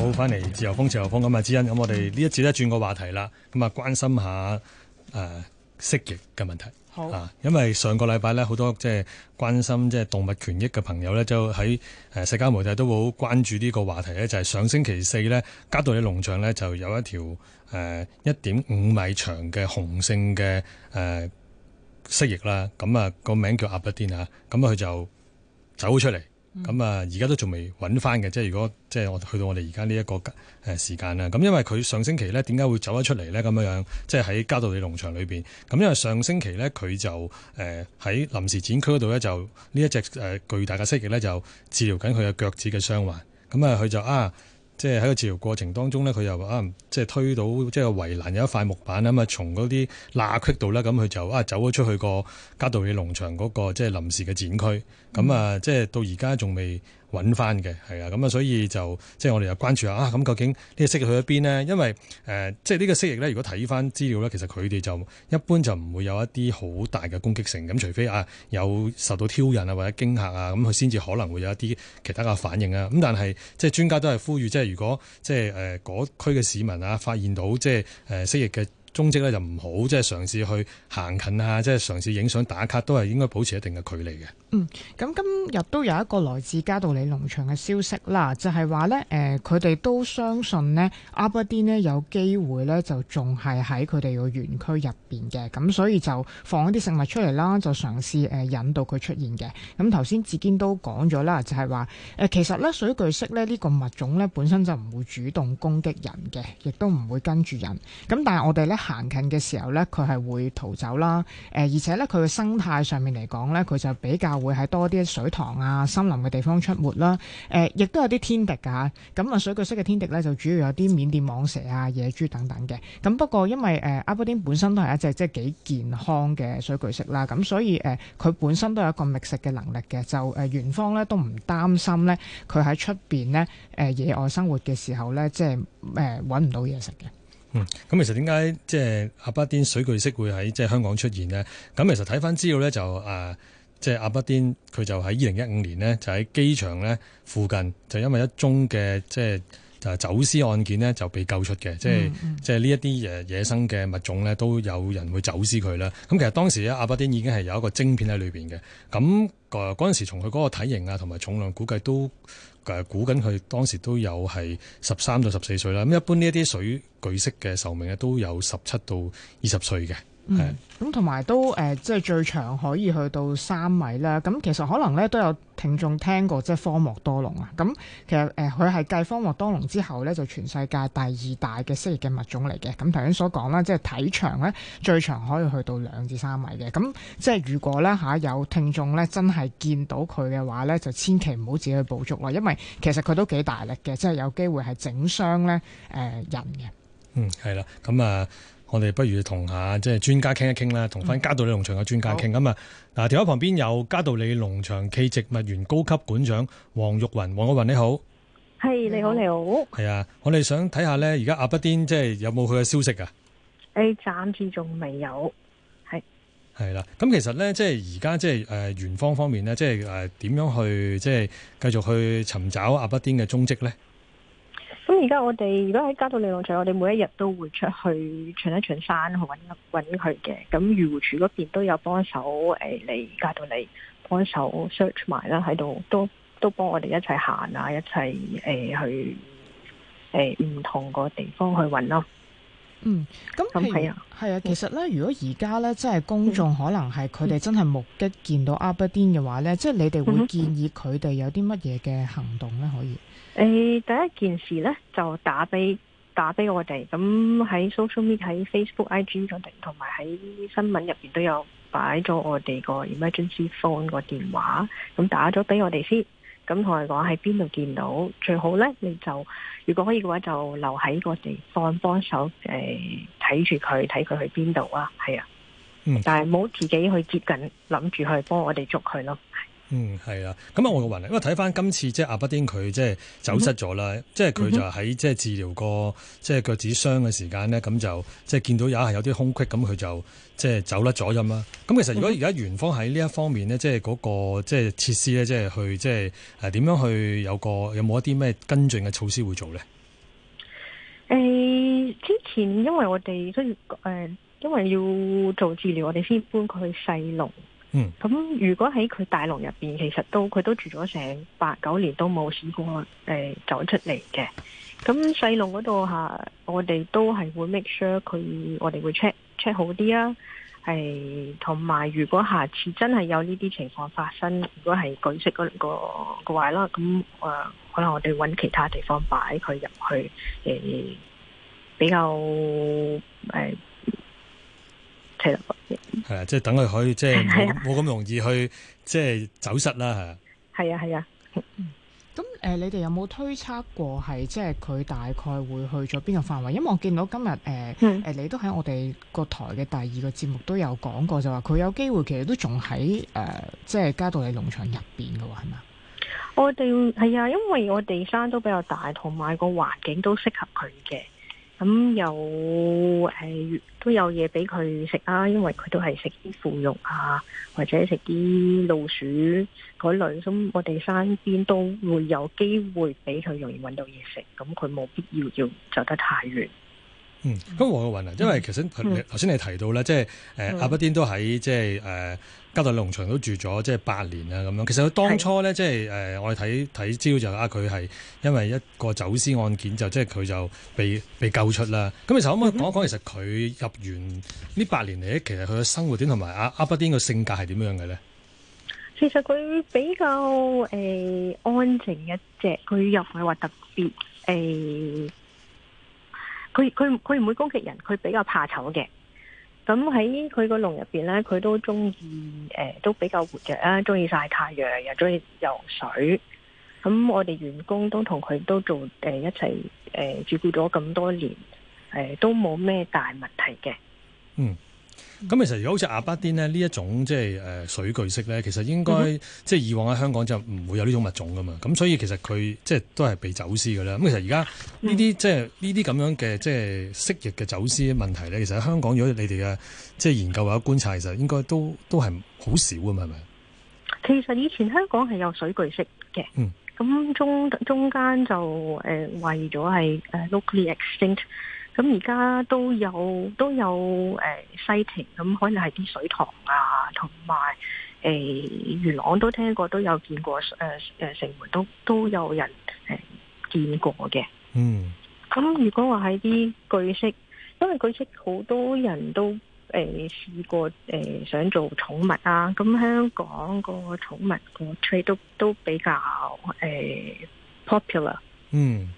好，翻嚟自由風自由風咁啊！之恩，咁我哋呢一節咧轉個話題啦，咁啊關心一下誒、呃、蜥蜴嘅問題。好啊，因為上個禮拜咧好多即係關心即係動物權益嘅朋友咧，就喺誒社交媒體都會好關注呢個話題咧，就係、是、上星期四咧，嘉道理農場咧就有一條誒一點五米長嘅雄性嘅誒蜥蜴啦。咁啊個名叫阿布天啊，咁啊佢就走出嚟。咁、嗯、啊，而家都仲未揾翻嘅，即係如果即係我去到我哋而家呢一個誒時間啦。咁因為佢上星期咧，點解會走咗出嚟咧？咁樣樣，即係喺嘉道理農場裏面。咁因為上星期咧，佢就誒喺臨時展區嗰度咧，就呢一隻誒巨大嘅蜥蜴咧，就治療緊佢嘅腳趾嘅傷患。咁啊，佢就啊～即係喺個治療過程當中咧，佢又啊，即係推到即係圍欄有一塊木板啦，咁啊，從嗰啲罅隙度咧，咁佢就啊走咗出去個嘉道理農場嗰、那個即係、就是、臨時嘅展區，咁、嗯、啊，即係到而家仲未揾翻嘅係啊，咁啊，所以就即係我哋就關注下啊，咁究竟呢個蜥蜴去咗邊呢？因為誒，即係呢個蜥蜴咧，如果睇翻資料咧，其實佢哋就一般就唔會有一啲好大嘅攻擊性，咁除非啊有受到挑釁啊或者驚嚇啊，咁佢先至可能會有一啲其他嘅反應啊。咁但係即係專家都係呼籲，即係如果即係誒嗰區嘅市民啊，發現到即係誒蜥蜴嘅。中職咧就唔好，即係嘗試去行近啊，即係嘗試影相打卡都係應該保持一定嘅距離嘅。嗯，咁今日都有一個來自嘉道理農場嘅消息啦，就係話呢，誒佢哋都相信呢阿布丁咧有機會呢就仲係喺佢哋個園區入邊嘅，咁所以就放一啲食物出嚟啦，就嘗試誒引導佢出現嘅。咁頭先志堅都講咗啦，就係話誒其實呢水巨蜥呢，呢，呢個物種呢本身就唔會主動攻擊人嘅，亦都唔會跟住人，咁但係我哋呢，行近嘅時候咧，佢係會逃走啦。誒，而且咧，佢嘅生態上面嚟講咧，佢就比較會喺多啲水塘啊、森林嘅地方出沒啦。誒，亦都有啲天敵㗎。咁啊，水巨蜥嘅天敵咧，就主要有啲緬甸蟒蛇啊、野豬等等嘅。咁不過，因為誒阿布丁本身都係一隻即係幾健康嘅水巨蜥啦，咁所以誒佢本身都有一個覓食嘅能力嘅，就誒園方咧都唔擔心咧，佢喺出邊咧誒野外生活嘅時候咧，即係誒揾唔到嘢食嘅。嗯，咁其實點解即係阿巴丁水巨蜥會喺即係香港出現呢？咁其實睇返資料咧就誒，即係阿巴丁佢就喺二零一五年呢，就喺機場呢附近就因為一宗嘅即係。就是就係、走私案件呢就被救出嘅，即係即係呢一啲野生嘅物種呢都有人會走私佢啦。咁其實當時阿巴丁已經係有一個晶片喺裏面嘅。咁誒嗰陣時，從佢嗰個體型啊同埋重量，估計都估緊佢當時都有係十三到十四歲啦。咁一般呢一啲水巨蜥嘅壽命呢都有十七到二十歲嘅。嗯，咁同埋都誒，即、嗯、係、呃、最長可以去到三米啦。咁其實可能咧都有聽眾聽過，即係科莫多龍啊。咁其實誒，佢係繼科莫多龍之後咧，就全世界第二大嘅蜥蜴嘅物種嚟嘅。咁頭先所講啦，即係體長咧最長可以去到兩至三米嘅。咁即係如果咧嚇有聽眾咧真係見到佢嘅話咧，就千祈唔好自己去捕捉啦，因為其實佢都幾大力嘅，即係有機會係整傷咧誒人嘅。嗯，係啦，咁啊。呃我哋不如同下即係專家傾一傾啦，同返嘉道理農場嘅專家傾咁啊！嗱、嗯，電話旁邊有嘉道理農場暨植物園高級館長黃玉雲，黃玉雲你好，係、hey, 你好，你好，係啊！我哋想睇下呢，而家阿不丁即係有冇佢嘅消息啊？誒，暫時仲未有，係係啦。咁、啊、其實呢，即係而家即係誒園方方面呢，即係誒點樣去即係繼續去尋找阿不丁嘅蹤跡呢？咁而家我哋如果喺嘉道理落場，我哋每一日都會出去巡一巡山去揾一揾佢嘅。咁漁護署嗰邊都有幫手誒嚟嘉道理幫手 search 埋啦，喺度都都幫我哋一齊行啊，一齊誒、呃、去誒唔、呃、同個地方去揾咯。嗯，咁係啊，係啊，啊，其實咧，如果而家咧，即係公眾可能係佢哋真係目擊見到阿不癲嘅話咧，即、嗯、係、就是、你哋會建議佢哋有啲乜嘢嘅行動咧，可以？誒、哎，第一件事咧就打俾打俾我哋，咁喺 social media，喺 Facebook、IG 上邊，同埋喺新聞入邊都有擺咗我哋個 emergency phone 個電話，咁打咗俾我哋先，咁同佢講喺邊度見到，最好咧你就如果可以嘅話就留喺個地方幫手誒睇住佢，睇、呃、佢去邊度啊，係啊，嗯、但係冇自己去接近，諗住去幫我哋捉佢咯。嗯，係啊。咁啊，我嘅云，因為睇返今次即係阿布丁佢即係走失咗啦，即係佢就喺即係治療過即係腳趾傷嘅時間咧，咁就即係見到也係有啲空隙，咁佢就即係走甩咗咁啦。咁其實如果而家園方喺呢一方面咧，即係嗰個即係設施咧，即係去即係誒點樣去有個有冇一啲咩跟進嘅措施會做咧？誒、呃，之前因為我哋都誒、呃，因為要做治療，我哋先搬佢去細籠。嗯，咁如果喺佢大籠入邊，其實都佢都住咗成八九年都試，都冇試過誒走出嚟嘅。咁細籠嗰度吓，我哋都係會 make sure 佢，我哋會 check check 好啲啊。係同埋，如果下次真係有呢啲情況發生，如果係舉息嗰個個話啦，咁誒、呃、可能我哋搵其他地方擺佢入去誒、呃，比較誒，其、呃、實。係啊，即係等佢可以即係冇咁容易去即係走失啦，係啊，係啊，係啊。咁誒，你哋有冇推測過係即係佢大概會去咗邊個範圍？因為我見到今日誒誒，你都喺我哋個台嘅第二個節目都有講過，就話佢有機會其實都仲喺誒，即係嘉道理農場入邊嘅話係嘛？我哋係啊，因為我哋山都比較大，同埋個環境都適合佢嘅。咁有誒都有嘢俾佢食啊，因為佢都係食啲腐肉啊，或者食啲老鼠嗰類。咁我哋山邊都會有機會俾佢容易揾到嘢食，咁佢冇必要要走得太遠。嗯，咁黃玉雲啊，因為其實頭先、嗯、你提到咧、嗯，即係誒、啊嗯、阿不丁都喺即係誒、呃、嘉道理農場都住咗即係八年啊咁樣。其實佢當初咧，即係誒、呃、我哋睇睇資料就啊，佢係因為一個走私案件就即係佢就被被救出啦。咁其實可唔可以講一講其實佢入園呢八年嚟咧，其實佢嘅生活點同埋阿阿不丁嘅性格係點樣嘅咧？其實佢比較誒、呃、安靜一隻，佢又唔係話特別誒。呃佢佢佢唔會攻擊人，佢比較怕醜嘅。咁喺佢個籠入邊咧，佢都中意誒，都比較活躍啦，中意曬太陽，又中意游水。咁我哋員工都同佢都做誒、呃、一齊誒照顧咗咁多年，誒、呃、都冇咩大問題嘅。嗯。咁其實好似阿巴丁咧，呢一種即係誒水巨蜥咧，其實應該即係以往喺香港就唔會有呢種物種噶嘛，咁所以其實佢即係都係被走私噶啦。咁其實而家呢啲即係呢啲咁樣嘅即係蜥蜴嘅走私問題咧，其實喺香港，如果你哋嘅即係研究或者觀察，其實應該都都係好少噶嘛，係咪？其實以前香港係有水巨蜥嘅，嗯，咁中中間就誒懷疑咗係誒 locally extinct。咁而家都有都有誒西亭咁，可能係啲水塘啊，同埋誒元朗都聽過，都有見過誒誒、呃、城門都都有人誒、呃、見過嘅。嗯。咁如果話係啲巨蜥，因為巨蜥好多人都誒、呃、試過誒、呃、想做寵物啊，咁香港個寵物嘅 trade 都都比較誒、呃、popular。嗯。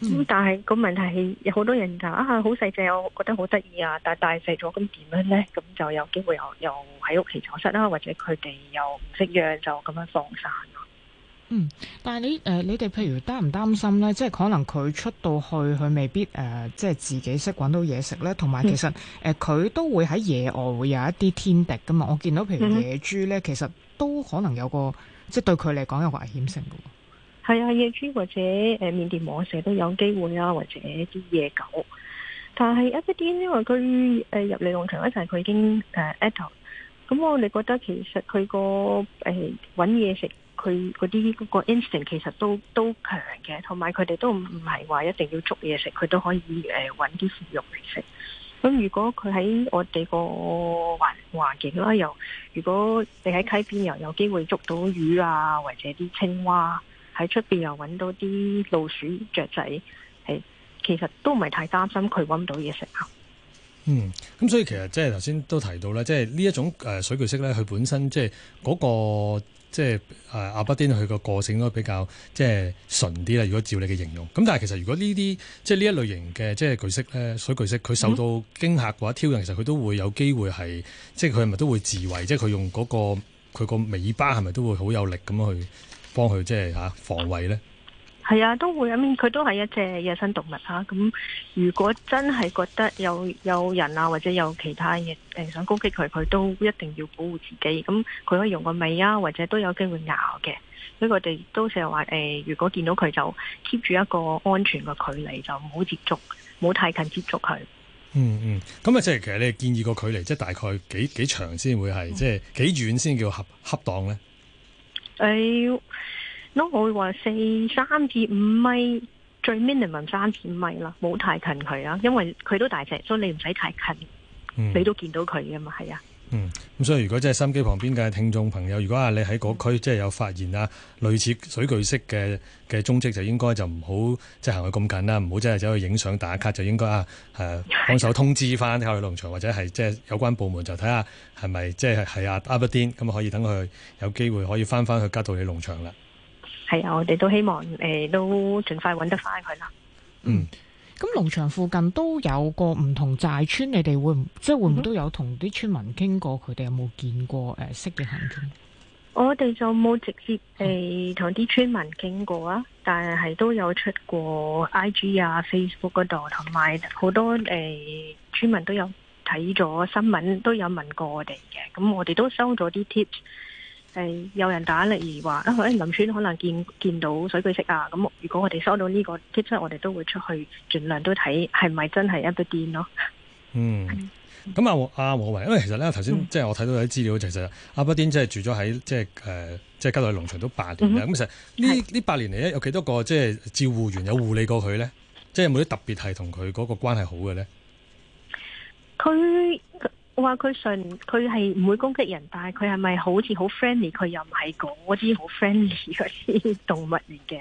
咁、嗯、但係個問題係有好多人就，啊，好細隻，我覺得好得意啊！但係大細咗咁點樣咧？咁就有機會又喺屋企走失啦，或者佢哋又唔識養，就咁樣放散咯。嗯，但係你誒、呃，你哋譬如擔唔擔心咧？即係可能佢出到去，佢未必誒、呃，即係自己識搵到嘢食咧。同、嗯、埋其實誒，佢、嗯呃、都會喺野外會有一啲天敵噶嘛。我見到譬如野豬咧、嗯，其實都可能有個即係對佢嚟講有個危險性噶。係啊，野豬或者誒緬甸蟒蛇都有機會啊，或者啲野狗。但係一啲因為佢誒入嚟農場嗰陣，佢已經誒 adult。咁我哋覺得其實佢、個誒揾嘢食，佢嗰啲嗰個 instinct 其實都都強嘅。同埋佢哋都唔係話一定要捉嘢食，佢都可以誒揾啲腐肉嚟食。咁如果佢喺我哋個環環境啦，又如果你喺溪邊又有機會捉到魚啊，或者啲青蛙。喺出邊又揾到啲老鼠、雀仔，係其實都唔係太擔心佢揾唔到嘢食啊。嗯，咁所以其實即係頭先都提到咧，即係呢一種誒水巨蜥咧，佢本身即係嗰個即係、就是啊、阿阿布丁佢個個性都比較即係純啲啦。如果照你嘅形容，咁但係其實如果呢啲即係呢一類型嘅即係巨蜥咧，水巨蜥佢受到驚嚇嘅話，挑釁其實佢都會有機會係即係佢係咪都會自衛？即係佢用嗰、那個佢個尾巴係咪都會好有力咁去？幫佢即係吓防衛咧，係啊，都會咁。佢都係一隻野生動物吓。咁如果真係覺得有有人啊，或者有其他嘢誒，想攻擊佢，佢都一定要保護自己。咁佢可以用個尾啊，或者都有機會咬嘅。所以我哋都成日話誒，如果見到佢就 keep 住一個安全嘅距離，就唔好接觸，冇太近接觸佢。嗯嗯，咁啊，即係其實你建議個距離，即係大概幾幾長先會係，即、嗯、係幾遠先叫恰，恰當咧？誒，嗱，我會話四三至五米，最 minimum 三至五米啦，冇太近佢啊，因為佢都大隻，所以你唔使太近，mm. 你都見到佢噶嘛，係啊。嗯，咁所以如果真係心機旁邊嘅聽眾朋友，如果啊你喺嗰區即係有發現啊類似水巨蜥嘅嘅蹤跡，就應該就唔好即係行去咁近啦，唔好真係走去影相打卡，就應該啊誒幫、啊、手通知翻下佢農場或者係即係有關部門就看看是是，就睇下係咪即係係啊阿不癲咁可以等佢有機會可以翻翻去嘉道理農場啦。係啊，我哋都希望誒、呃、都盡快揾得翻佢啦。嗯。咁農場附近都有個唔同寨村，你哋會即係、就是，會唔會都有同啲村民傾過佢哋，嗯、有冇見過誒，蜥蜴痕跡？我哋就冇直接誒同啲村民傾過啊，但係都有出過 IG 啊、Facebook 嗰度，同埋好多誒、呃、村民都有睇咗新聞，都有問過我哋嘅。咁我哋都收咗啲 t 係有人打，例如話啊，林村可能見見到水鬼食啊！咁如果我哋收到呢、這個消息，我哋都會出去盡量都睇係咪真係阿伯丁咯。嗯，咁啊阿黃維，因為其實咧頭先即係我睇到有啲資料，其實阿伯丁即係住咗喺即係誒，即係嘉道理農場都八年啦。咁、嗯、其實呢呢八年嚟咧，有幾多個即係照護員有護理過佢咧？即係有冇啲特別係同佢嗰個關係好嘅咧？佢。我話佢馴，佢係唔會攻擊人，但係佢係咪好似好 friendly？佢又唔係講嗰啲好 friendly 嗰啲動物嚟嘅。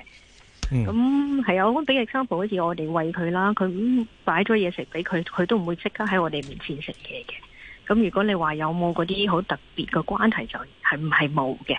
咁係啊，例，我俾個 example，好似我哋餵佢啦，佢擺咗嘢食俾佢，佢都唔會即刻喺我哋面前食嘢嘅。咁如果你話有冇嗰啲好特別嘅關係就係唔係冇嘅？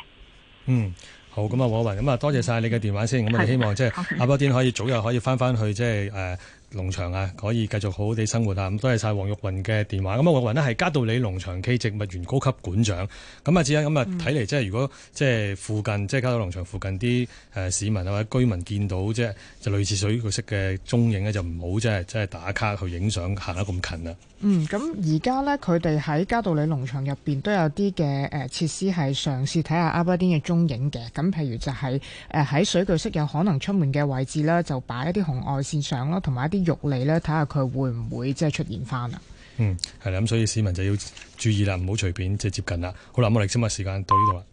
嗯，好，咁啊，黃雲，咁啊，多謝晒你嘅電話先，咁我哋希望即係 阿波天可以早日可以翻翻去，即係誒。呃農場啊，可以繼續好好地生活啊！咁多謝晒黃玉雲嘅電話。咁啊，玉雲咧係嘉道理農場暨植物園高級館長。咁啊，至於咁啊，睇嚟即係如果即係附近，即係嘉道理農場附近啲誒、呃、市民或者居民見到即係就類似水巨蜥嘅蹤影咧，就唔好即係即係打卡去影相，行得咁近啊。嗯，咁而家呢，佢哋喺嘉道理農場入邊都有啲嘅誒設施係嘗試睇下阿巴丁嘅蹤影嘅。咁譬如就係誒喺水巨蜥有可能出門嘅位置咧，就擺一啲紅外線相啦，同埋一啲。肉嚟咧，睇下佢會唔會即係出現返啊？嗯，係啦，咁所以市民就要注意啦，唔好隨便即係接近啦。好啦，咁我哋今日時間到呢度啦。